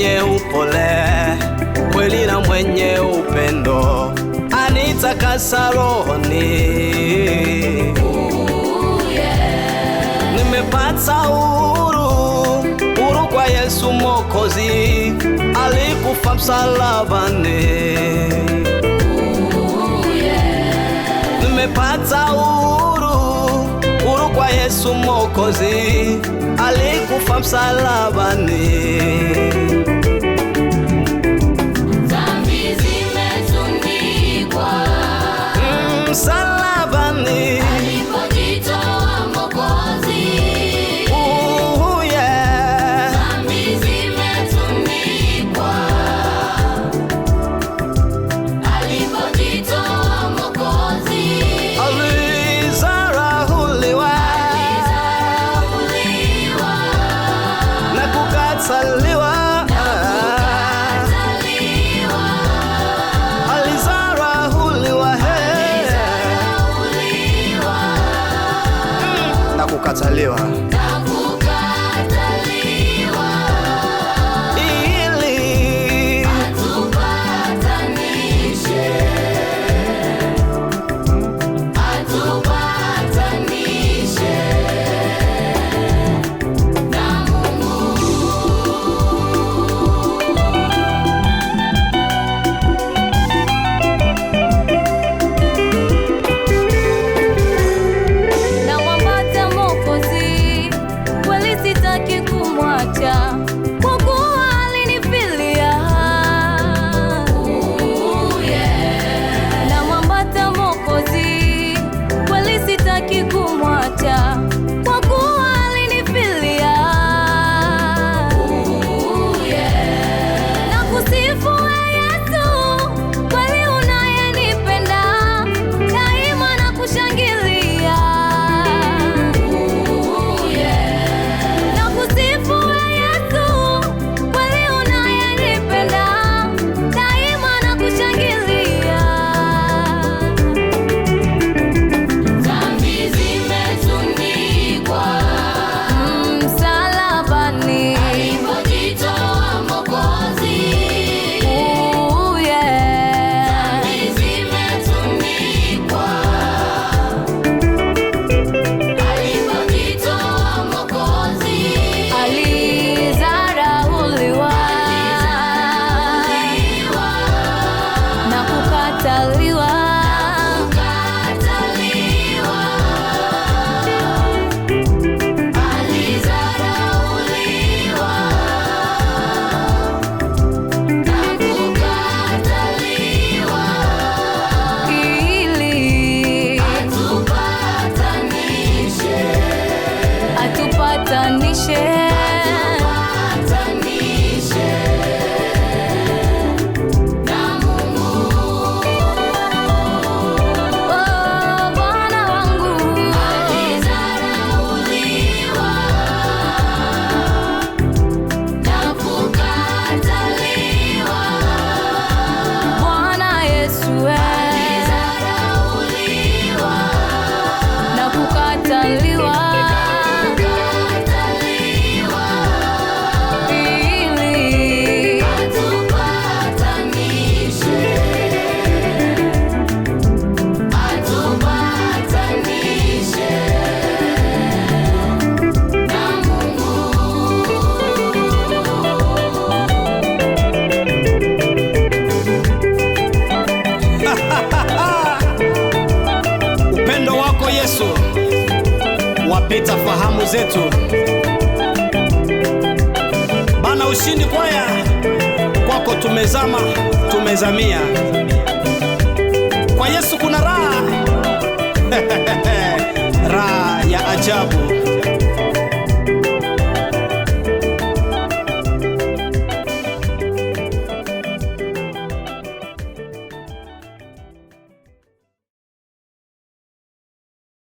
mwenye upole, kweli na mwenye upendo, anitakasa rohoni. Nimepata uhuru, uhuru kwa Yesu mokozi alikufa msalabani. Ooh, Nimepata uhuru, uhuru kwa Yesu mokozi alikufa msalabani. I'm sorry. ukatolewa. hamu zetu bana. Ushindi kwaya kwako, tumezama tumezamia kwa Yesu, kuna raha raha ya ajabu.